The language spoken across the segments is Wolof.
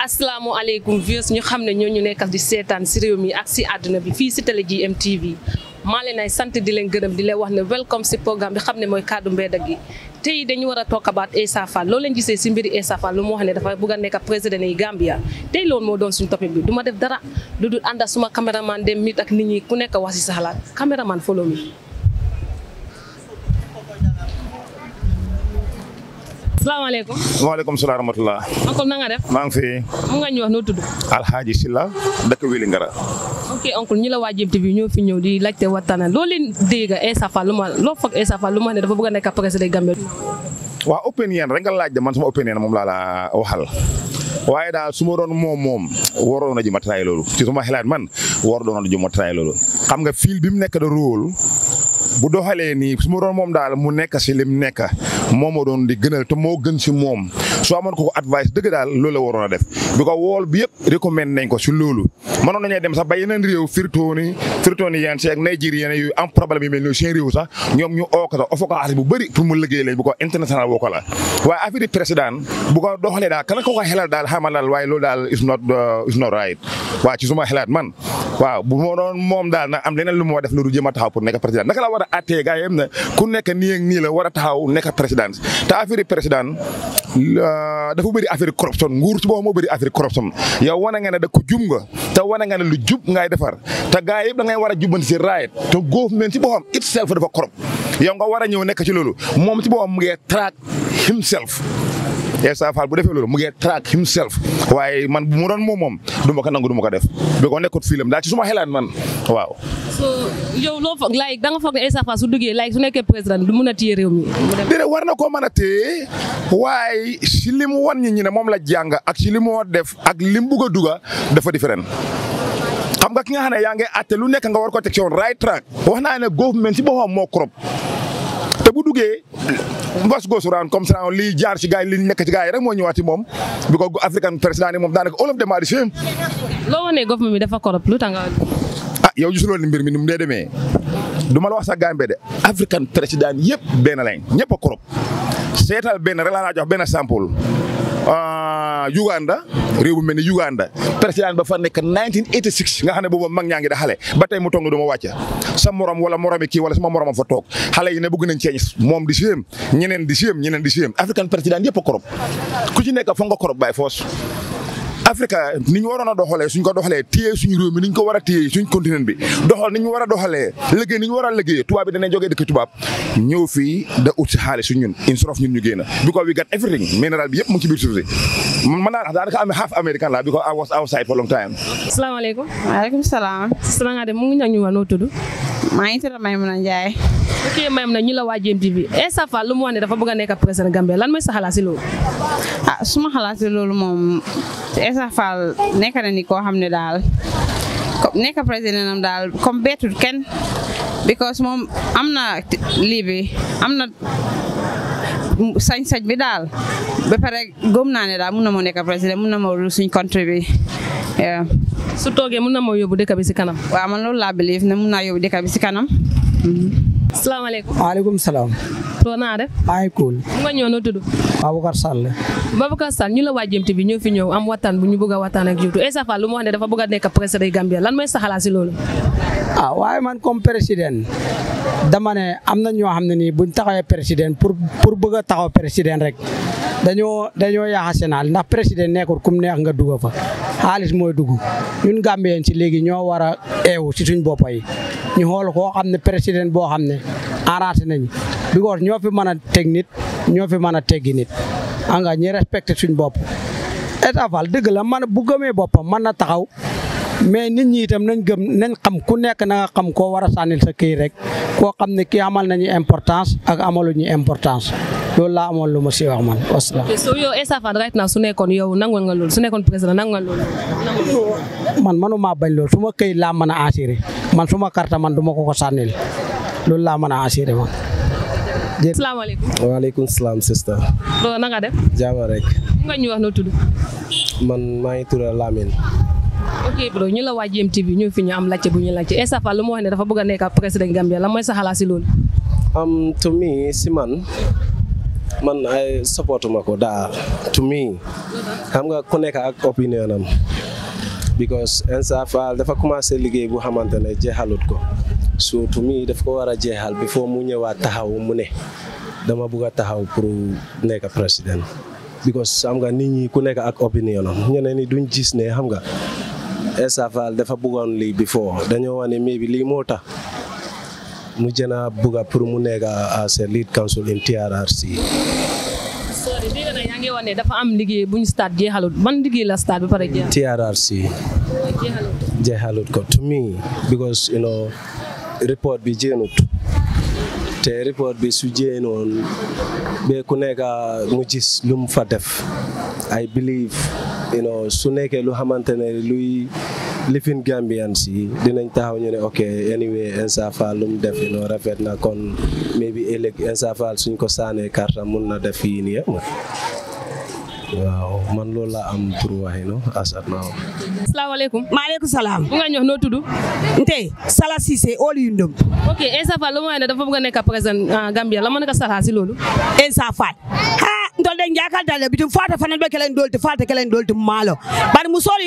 assalaamu asalaamaaleykum viewers ñu xam ne ñoo ñu nekkal di seetaan si réew mi ak si àdduna bi fii si télé GMTV maa leen ay sant di leen gërëm di leen wax ne welcome si programme bi xam ne mooy kaddu mbedd gi tey dañu war a toog about Essa Faal loolu gisee si mbiri Essa Faal lu mu wax ne dafa bëgg a nekk président yi Gambia tey lool moo doon suñu topic bi duma def dara lu dul ànd ak suma caméraman dem nit ak nit ñi ku nekk wax si sa xalaat caméraman follow mi salaamaaleykum. waaleykum salaam wa rahmatulah. oncle na nga def. maa ngi fi. mu nga ñu wax noo tudd. Alhaji Silla dëkk Wili Ngara. ok oncle ñi la waa Djim TV ñoo fi ñëw di laajte waxtaan loo leen dégg Essa Faal lu ma loo foog Essa Faal lu ma ne dafa bëgg a nekk président Gambie. waa opinion rek nga laaj de man sama opinion moom laa la waxal. waaye daal su ma doon moom moom waroon na juma tray loolu ci suma xalaat man waroon na juma tray loolu xam nga fil bi mu nekk da rôle bu doxalee nii su ma doon moom daal mu nekk si lim nekk moom moo doon di gënal te moo gën si moom soo amoon ko ko advice dëgg daal loolu la a def bi ko wool bi yëpp recommande nañ ko si loolu mënoon nañoo dem sax ba yeneen réew firtoo ni firtoo ni yeen am problème yu mel seen réew sax ñoom ñu oo sax ofo ko xaalis bu bëri pour mu liggéey leen bu ko international woo ko la waaye affaire yi président bu ko doxalee daal kan ko ko xelal daal xamal daal waaye loolu daal is not uh, right waaw ci suma xelaat man waaw bu moom daal nag am leneen lu mu def lu Euh, dafa bëri affaire corruption nguur ci boppam moo bëri affaire corruption yow wane nga ne da ko jub nga te wane nga ne lu jub ngay defar te gars yëpp da ngay war a jubbanti si raayet te government ci boppam itself dafa corrupt yow nga war a ñëw nekk si loolu moom si boppam mu ngi track himself Essa Fall bu defee loolu mu ngi track himself waaye man bu mu doon moom moom du ma ko nangu du ma ko def bi ko nekkut film daal ci suma xelaan man waaw. so yow loo foog like da nga ne Essa Fall su duggee like su nekkee président du mun a téye réew mi. déedéet war na koo mën a téye waaye si li mu wan ñi ne moom la jàng ak si li moo def ak li mu bugg a duga dafa différent. xam nga ki nga xam ne yaa ngi àtte lu nekk nga war ko teg ci woon right track wax naa ne government si boppam moo crop te bu duggee mbos goosuraan comme ça lii jaar ci gars li nekk ci gars yi rek moo ñëwaat ci moom bi ko african président ni moom daanaka olof démarré si yéen. loo ne government bi dafa korop lu tanga ah yow gisuloo ni mbir mi ni mu dee demee du la wax sax Gambie de african président yëpp benn lañ ñëpp a korop seetal benn rek laa jox benn sample. Euh, Uganda réew bu mel ni Uganda président ba fa nekk 1986 nga xam ne boobu mag ñaa ngi da xale ba tey mu toog ne du ma wàcce sa morom wala moromi kii wala sama moromam fa toog xale yi ne bëgg nañ ceeñ moom di sixième ñeneen di sixième ñeneen di sixième african président yëpp a korob ku ci nekk fa nga korob bàyyi foos Africa ni ñu waroon a doxalee suñ ko doxalee téye suñu réew mi ni ñu ko war a téye suñ continent bi doxal ni ñu war a doxalee liggéey ni tubaab bi danañ jógee dëkk tubaab ñëw fii da ut si suñ ñun insrof ñun ñu génn because we got everything mineral bi yëpp mu ci biir suuf si man naa daanaka am half American la because I was outside for long time. asalaamaaleykum. waaleykum salaam. sala nga dem mu ñu noo tudd. maa ngi tudd Maimouna Ndiaye. ok Maimouna ñu la waa GMTV Essa eh, Faal lu mu wax ne dafa bëgg nekka nekk président Gambie lan mooy sa xalaat si loolu. ah su ma xalaat loolu moom Essa eh, Faal nekk na ni koo xam ne daal nekk président daal comme beetu kenn because moom am na lii bi am na sañ-sañ bi daal ba pare gëm naa ne daal mun na moo nekk président mun na moo suñ country su toogee mun na moo yóbbu dëkk bi si kanam. waaw man loolu laa believe ne mën naa yóbbu dëkk bi si kanam. Mm-hmm. salaamaaleykum. waaleykum salaam. soo naa def. ay cool. mu nga ñëw noo tudd. Babacar Sall. Babacar Sall ñu la waa Jemti bi ñoo fi ñëw am wataan bu ñu bëgg a waxtaan ak Jemtu Essa Fall lu mu wax ne dafa bëgg a nekk président Gambia lan mooy sa xalaat si loolu. ah waaye man comme président dama né amna ño xamné ni buñ taxawé président pour pour bëgg taxaw président rek dañu dañu yaaxase naal ndax président nekkul kum neex nga dugg fa xaalis moy dugg ñun Gambien ci légui ño wara éw ci suñ bopay ñu xol ko xamné président bo xamné ne nañ bi because ño fi mëna a nit ño fi mëna a nit anga ñi respecté suñ bop état val deug la man bu gëmé bopam man na taxaw mais nit ñiitam nañ gëm nañ xam ku nekk na xam koo war a sànnil sa kii rek koo xam ne kii amal nañu importance ak amaluñu importance loolu laa lu ma si wax man wasalaam. su yow Essa right su nekkoon yow nangu nga loolu su nekkoon président nangu nga loolu. man manuma bañ loolu su ma këyit laa mën a assuré man su ma carte man duma ma ko ko loolu laa mën a assuré man. salaamaaleykum waaleykum salaam sista. loolu na def. jaama rek. nga ñu tudd. man maa ngi tudd Cheikh Ibro ñu la waa GMTV ñu fi ñu am laajte bu ñu laajte Essa eh, Fall lu mu wax ne dafa bëgg a nekk président Gambia la mooy sa xalaat si loolu um, to me si man man ay supportuma ko daa to me xam nga ku nekk ak opinion am because Ensa Fall dafa commencé liggéey bu xamante ne jeexalut ko so to me daf ko war a jeexal before mu ñëwaat taxaw mu ne dama bugg a taxaw pour nekk président because xam nga nit ñi ku nekk ak opinion am ñeneen ñi duñ gis ne xam nga Essa Faal dafa bëggoon lii before dañoo wane bi lii moo tax mu jëna a bëgga pour mu nekk as a lead counsel in TRRC. dafa am liggéey bu ñu jeexalut ban liggéey la stade ba pare jeexalut. TRRC. jeexalut ko to me because you know report bi jéenut te report bi su jéenoon be ku nekk mu gis lu fa def I believe. you su nekkee lu xamante ne luy lifin Gambian si dinañ taxaw ñu ne ok anyway Ensa lu mu def you know na kon maybe ëllëg Ensa Faal suñ ko saanee karta mun na def yii nii yëpp waaw man loolu laa am pour wax yi no asat naa wax. asalaamaaleykum. salaam. bu nga ñëw noo tudd. Nte Salah Cissé óolu yu ndëm. ok Ensa lu mu ne dafa bëgg a nekk ah, ma nekk Salah loolu. Ensa ntolde jakaldale bitum fata fananɓe kelen dolti fata kelen dolti maalo bari musori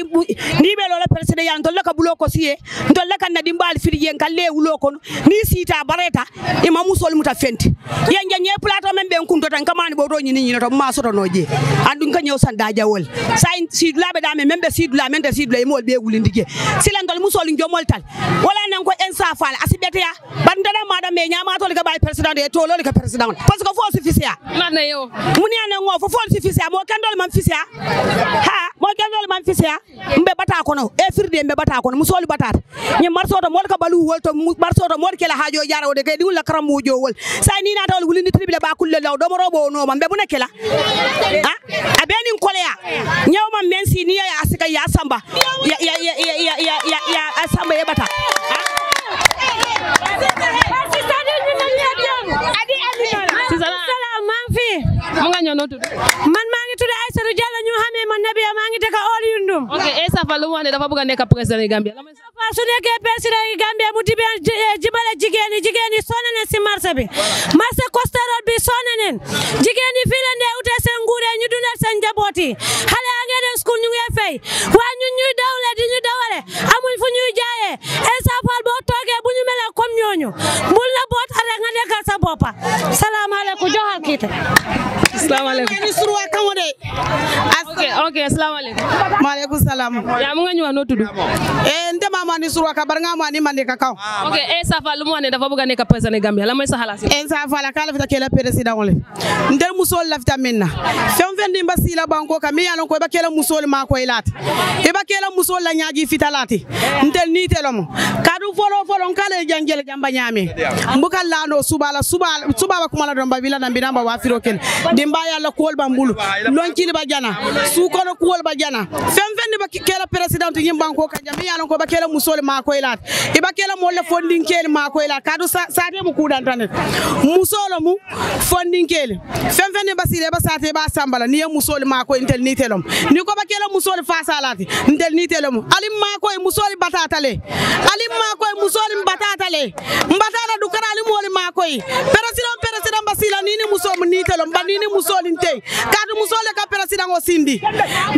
ndiɓe lolo président ya ntolle ka bulo ko siye ntolle kan nadi mbaali fiɗijen kalle wulo kono ni sita bareta ima musol muta fenti yen je ñe plateau men ɓen kunto tan kamani ɓoto ñini ñinoto tota, ma tota sotono je andum ka ñew san dajawol sa sidulaɓe dame men ɓe sidula men te sidula imol ɓe wulindi je silantol musol jomol tal wala nan ko insafal asibeteya bari ndana maɗa me ñamatole ka ɓawi président e tolole ka président parce que fo sufficia mune nango fo fol si fisia mo kendol mam fisia ha mo kendol mam fisia mbe bata kono e mbe bata kono musoli batata ni marsoto mo ka balu wolto marsoto mo kala hajo jara de kay diul la karam wojo wol sa ni na tawol wulini tribile ba kulle law do mo robo no mam be bu nekela ha abeni koleya nyaw mam men si ni ya asika ya samba ya ya ya ya ya ya asamba e bata ha salaam maa ngi fi. mu nga ñëw noo man maa ngi tudd Aïssatou Diallo ñu xamee man Nabiya maa ngi dëkk Old Yundum. ok Essa Faal lu mu wax ne dafa bëgg a nekk président yi Gambia. mu di jibale jigéen ñi jigéen si marché bi. marché Costa bi sonn nañ. jigéen ñi ute seen ñu dundal seen njaboot yi. xale yaa school ñu ngi fay. waaye ñun ñuy dawle di ñu dawale amuñ fu ñuy jaayee Essa Faal boo toogee bu ñu mel comme ñooñu bul na boot nekkal sa bopp salaamaaleykum joxal kii te. salaamaaleykum maa ngi sur waa Kango de. ok ok salaamaaleykum. maaleykum salaam. yaa mu nga ñu wax noo tudd. eh ntema maa ni surwa ka bari nga maa ni mande ka kaw. ok eh safa lu mu wax dafa bëgg a nekk président Gambia la mooy sa xalaat si. eh safa la kala fita kela président le ntel musol lafita min na fen fen din ba sila banko ka min yalon ko ba kela musol ma ko ilati e ba kela musol la nyaaji lati ntel ni telomo kadu folo folo kala jangel jamba nyame mbuka lando subala subala subaba kumala don vila na binamba wa firo ken dimba yalla kuwol bambulu lonkili ba jana su kono kuwol ba jana fem fendi ba kela president yim banko kanja mi yalla ko ba kela musol ma ko ilat e ba kela le fondin kel ma ko ilat kadu sate mu ku dan tanet musolo mu fondin kel fem fendi ba sire ba sate ba sambala ni musol ma ko intel ni telom ni ko ba kela musol fa salati intel ni telom ali ma ko musol batatale ali ma ko musol batatale mbatala dukara alim wol ma koyi peresidan peresidan basila ni ni muso mu niitelo mba ni ni muso lin tey kaatu muso le ka peresidan o sindi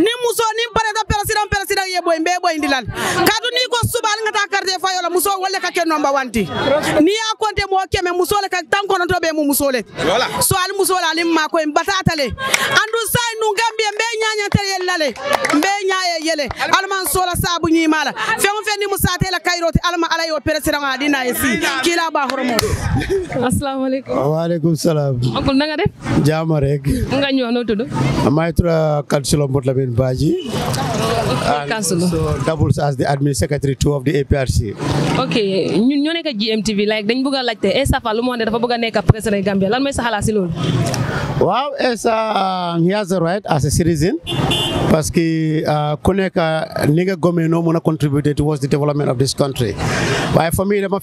ni muso ni pareta peresidan peresidan ye boyi mbe boyindi lan kaatu ni ko subaali nga taa karite fayola muso wolle ka ke nomba wanti ni ya konte mo keme muso le ka tan konoto be mu muso le so ali muso le ali ma koyi mbatata le andu sai nu gambie mbe ñañantere yel lale mbe ñaye yele alman sola saabu ñimala feŋo fe ni musatela kayroti alma ala yo peresidan o adina ye si kila ba horomoto asalaamaaleykum. waaleykum salaam. oncle na nga def. jaama rek. mu nga ñëw noo tudd. maa ngi tudd Kansilo Mbodj Lamine Badji. Kansilo double as the admin secretary APRC. ok ñun ñoo nekk GMTV like dañ bëgg a laajte Essa eh, Faal lu mu wax ne dafa bëgg a nekk président Gambia lan mooy sa loolu. waaw Essa eh, he parce que ah, ku nekk ni nga gomee noo mën a contribuer towards the development of this country waaye for me dama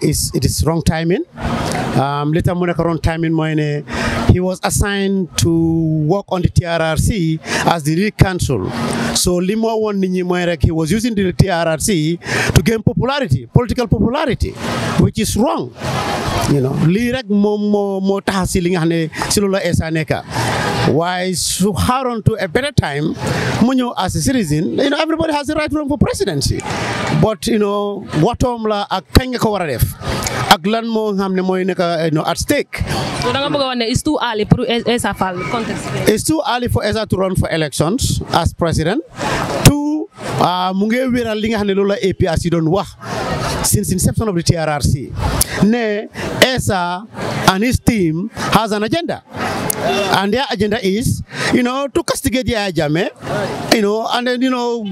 it is wrong timing. Um, later Munakaron time in Moine, he was assigned to work on the TRRC as the lead counsel. So Limo won Ninyi he was using the TRRC to gain popularity, political popularity, which is wrong. You lii rek moom moo moo tax si li nga xam ne si loolu la eesa why should Harun to a better time, Munyo as a citizen, you know, everybody has the right to run for presidency. But, you know, watom la ak kanya ko wararef. Ak lan mo hamne mo you know, at stake. So nga bëgg wone it's too early for Esa fall contest. to run for elections as president. Two, uh, mu nge wéral li nga xam ne loolu la APRC doon wax since inception of the TRRC ne ESA and his has an agenda and their agenda is, you know, to castigate Yaya Jame, you know, and then, you know,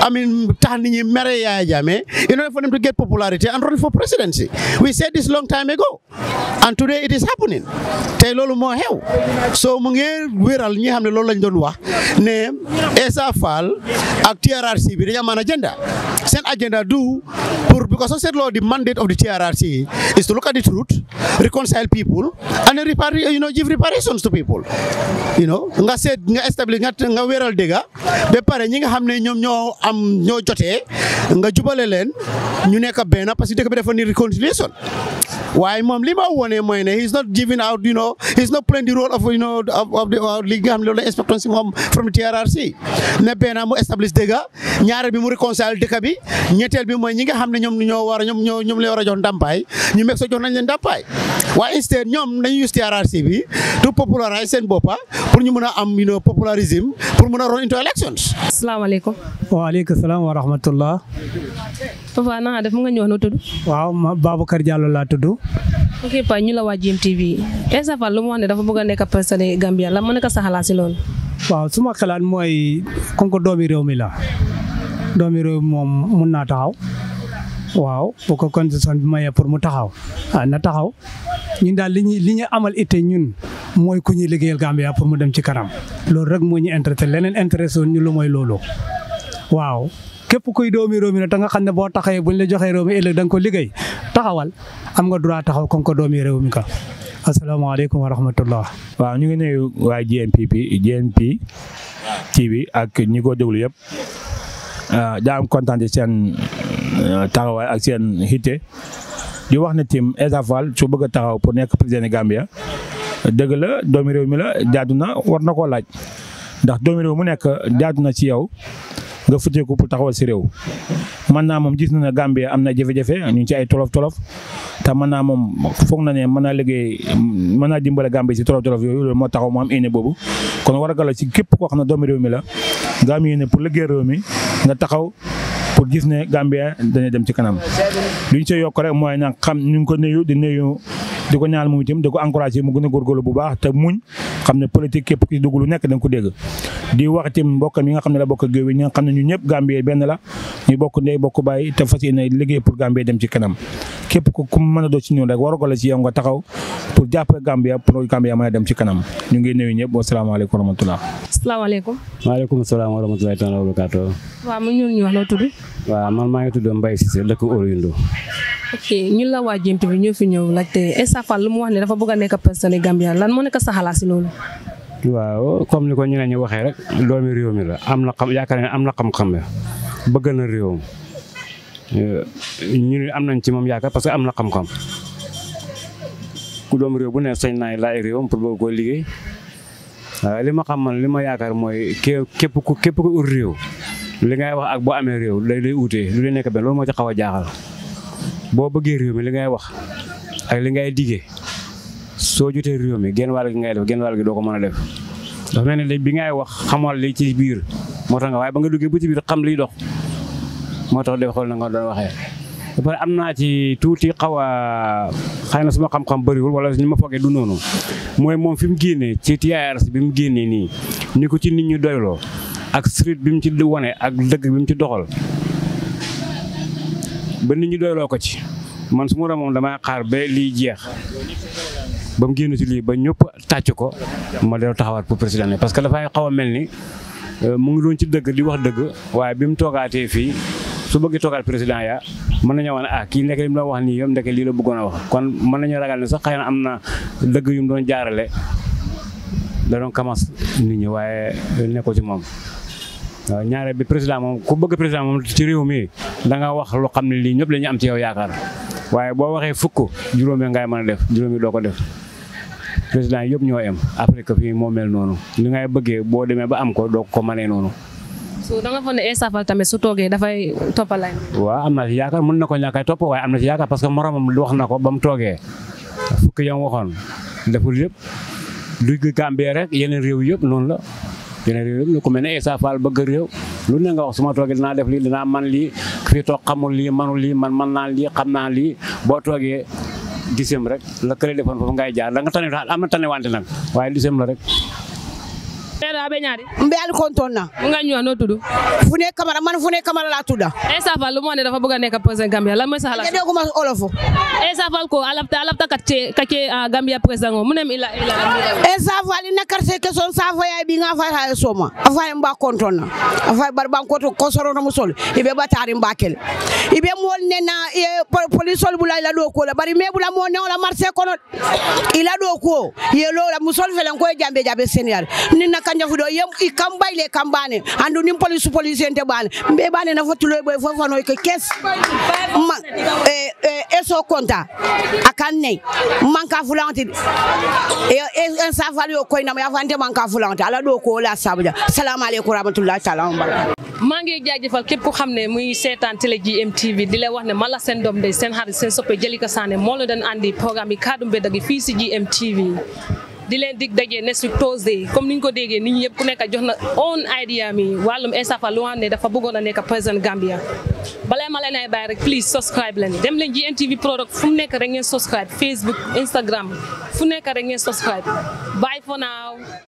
I mean, Tani Mere Yaya Jame, in order for them to get popularity and run for presidency. We said this long time ago, and today it is happening. Tey loolu moo xew so mu ngi wéral ñi xam ne loolu lañ doon wax ne Essa Faal ak TRRC bi dañoo am agenda seen agenda du pour because soo seetloo the mandate of the TRRC is to look at the truth, reconcile people, and you know, give reparation. solutions to people nga seet nga establish nga nga dégga ba pare ñi nga xam ne ñoom ñoo am ñoo jotee nga jubale leen ñu nekk benn parce que dëkk bi dafa ni moom li ma wone mooy ne he's not giving out you know he's not playing the role of nga xam ne loolu la expectancy moom from the TRRC ne benn mu establish dëgga ñaareel bi mu réconcile dëkk bi ñetteel bi mooy ñi nga xam ne ñoom ñoo war a ñoom ñoo ñoom la war a jox ndàmpaay ñu meg so jox nañ leen waaye instead ñoom dañuy use TRRC bi popularize sen boppa pour ñu mëna am you popularisme pour mëna run into elections wa alaykum assalam wa rahmatullah papa na def nga ñëw no tudd waaw Babacar Diallo la tudd ok pa ñu la waa GMTV Essa Fall lu mo ne dafa bëgg nekk Gambia la mëna ka saxala ci lool waaw suma xalaat moy kon ko doomi réew mi la doomi rew mom mun na taxaw waaw bu ko constitution bi maye pour mu taxaw ah, na taxaw ñun li ñu li amal ité ñun mooy ku ñuy liggéeyal Gambia pour mu dem ci kanam loolu rek mooy ñu intéressé leneen intéressé woon lu mooy loolu waaw. képp kuy doomi réew mi nag te nga xam ne boo taxee buñ la joxee réew mi ëllëg da ko liggéey taxawal am nga droit taxaw kon ko doomi réew mi ka asalaamaaleykum wa rahmatullah. waaw ñu ngi nuyu waa GNPP GNP TV ak ñi ko déglu yëpp ah, daa am kontaan ci seen euh, taxawaay ak seen xite di wax ne tim Essa Faal su bëgg a taxaw pour nekk président Gambia dëgg la doomi réew mi la jaadu na war na koo laaj ndax doomi réew mu nekk jaadu na ci yow nga futteeku pour taxawal si réew mën naa moom gis na ne Gambie am na jafe ñu ci ay tolof tolof te mën naa moom foog na ne mën naa liggéey mën naa dimbale Gambie si tolof tolof yooyu loolu moo taxaw mu am ne boobu kon war a gala si képp koo xam ne doomi réew mi la nga am yéene pour liggéey réew mi nga taxaw pour gis ne Gambie dañuy dem ci kanam. li ñu see yokk rek mooy nag xam ñu ko nuyu di nuyu di ko ñaanal moom itam di ko encouragé mu gën a góorgóorlu bu baax te muñ xam ne politique képp ki dugg lu nekk da nga ko dégg di wax itam mi nga xam ne la bokk géew bi ñi nga xam ne ñu ñëpp Gambie benn la ñu bokk ndey bokk bàyyi te fas yéene liggéey pour Gambie dem ci kanam képp ku ku mën a doo ci ñun rek waroon la ci yow taxaw pour jàppale Gambia pour Gambia mën a dem kanam ñu ngi nuyu ñëpp wa salaamaaleykum wa rahmatulah. salaamaaleykum. maaleykum salaam wa rahmatulahi taala wa barakaatu. waaw man maa ngi tudd Mbaye Cissé dëkk Oryundo ok ñun la waa Gént bi ñoo fi ñëw laajte Essa Faal mu wax ne dafa bëgg a nekk personne Gambia lan moo nekk sa xalaat si loolu. waaw comme ni ko ñeneen ñi waxee rek doomi réew mi la am na xam yaakaar ne am na xam-xam bëgg na réewam ñu am nañ ci moom yaakaar parce que am na xam ku doomu réew bu ne sañ naay laay réewam pour bëgg koo liggéey ah, li ma xam ma li ma yaakaar mooy képp ku képp ku ut réew li ngay wax ak boo amee réew day day lu lay nekk benn loolu moo ci xaw a jaaxal. boo bëggee réew mi li ngay wax ak li ngay diggee soo jotee réew mi genn wàll gi ngay def genn wàll gi doo ko mën a def dafa mel ni bi ngay wax xamal li ci biir moo tax waaye ba nga duggee ba ci biir xam liy dox moo tax def xool na nga doon waxee ba pare am naa ci tuuti xaw a xëy na suma xam-xam bëriwul wala ñu ma foogee du noonu mooy moom fi mu génnee ci TIRS bi mu génnee nii ni ko ci nit ñu doyloo ak street bi mu ci wane ak dëgg bi mu ci doxal ba nit ñi doyloo ko ci man su ma moom damaa xaar be li jeex ba gennu ci li ba ñop tacc ko ma delloo taxawat pour président parce que la fay xawa melni euh, mu ngi doon ci deug di wax deug waye bimu mu fi su bëgg togal président ya man nañu wone ne ah kii nekk li mu wax ni yom nek li la bëggona wax kon man nañu ragal ni sax xeyna amna deug yu mu doon jaarale da doon kamas nit ñi waye nekkoo ci mom ñaare bi président mom ku bëgg président mom ci réew mi da nga wax lu xamni li yakar. lañu am ci yow yaakar waye bo waxe fukk juróomi ngay mëna def juróomi doko def président yëpp ñoo em après fi mo mel nonu li ngay bëgge bo démé ba am ko doo ko mané nonu so da nga foog ne fal tamé su toogee dafay toppalaay. waaw am na ci yaakaar mën na ko ñàkk a topp am na ci yaakar parce que moromam wax nako bam togué fukk yam waxon deful yëpp du gambé rek yeneen réew yëpp non la yeneen réew yëpp lu ko mëna fal bëgg réew lu ne nga wax suma togué dina def li dina man li fii toog xamul lii manul lii man man naa lii xam naa lii boo toogee dixième rek la kële defoon foofu ngay jaar da nga tane am na tane wante nag waaye dixième rek daa be ñaari mbe al kontoon na mu nga ñëw noo tudd fu ne kamara man fu ne kamara laa tudd Essa Fall lu moo ne dafa bëgg a nekk président Gambia lan mooy sa xalaat dégguma olof Essa Fall ko a alapta kacce kacce Gambia président mu nem ila ila Essa e Fall ina karte ke son sa fa yaay bi nga fa taa e soma afa mba kontoon na afa bar ban ko to ko soro na mu sol ibe ba taari mbakel ibe mol ne na e, police sol bula ila do ko la bari me bula mo ne la marché kono ila do ko ye lo la mu sol felen ko jambe jambe fudo yem i kam bayle kam bane andu nim police police ente bane be bane na fotulo boy fofano ke kes ma eh, eh, eso konta akanne manka fulanti e en e, sa fali ko ina ma fante manka fulanti ala do ko la sabja salam alaykum rahmatullahi taala wa barakatuh maa ngi jaajëfal képp ko xam ne muy seetaan télé GMTV di la wax ne mala sen dom day sen xarit sen soppe Jalika Sané mo la doon andi programme kadum kaddu mbedd fi ci si GMTV di leen dig dajee ne su Tuesday comme ni ñu ko déggee nit ñi yëpp ku nekk jox na own idea mi wàllum Essa Faal lu ne dafa bëggoon a nekk président Gambia balaa ma leen ay bàyyi rek please subscribe leen dem leen GNTV product fu mu nekk rek ngeen subscribe Facebook Instagram fu nekk rek ngeen subscribe bye for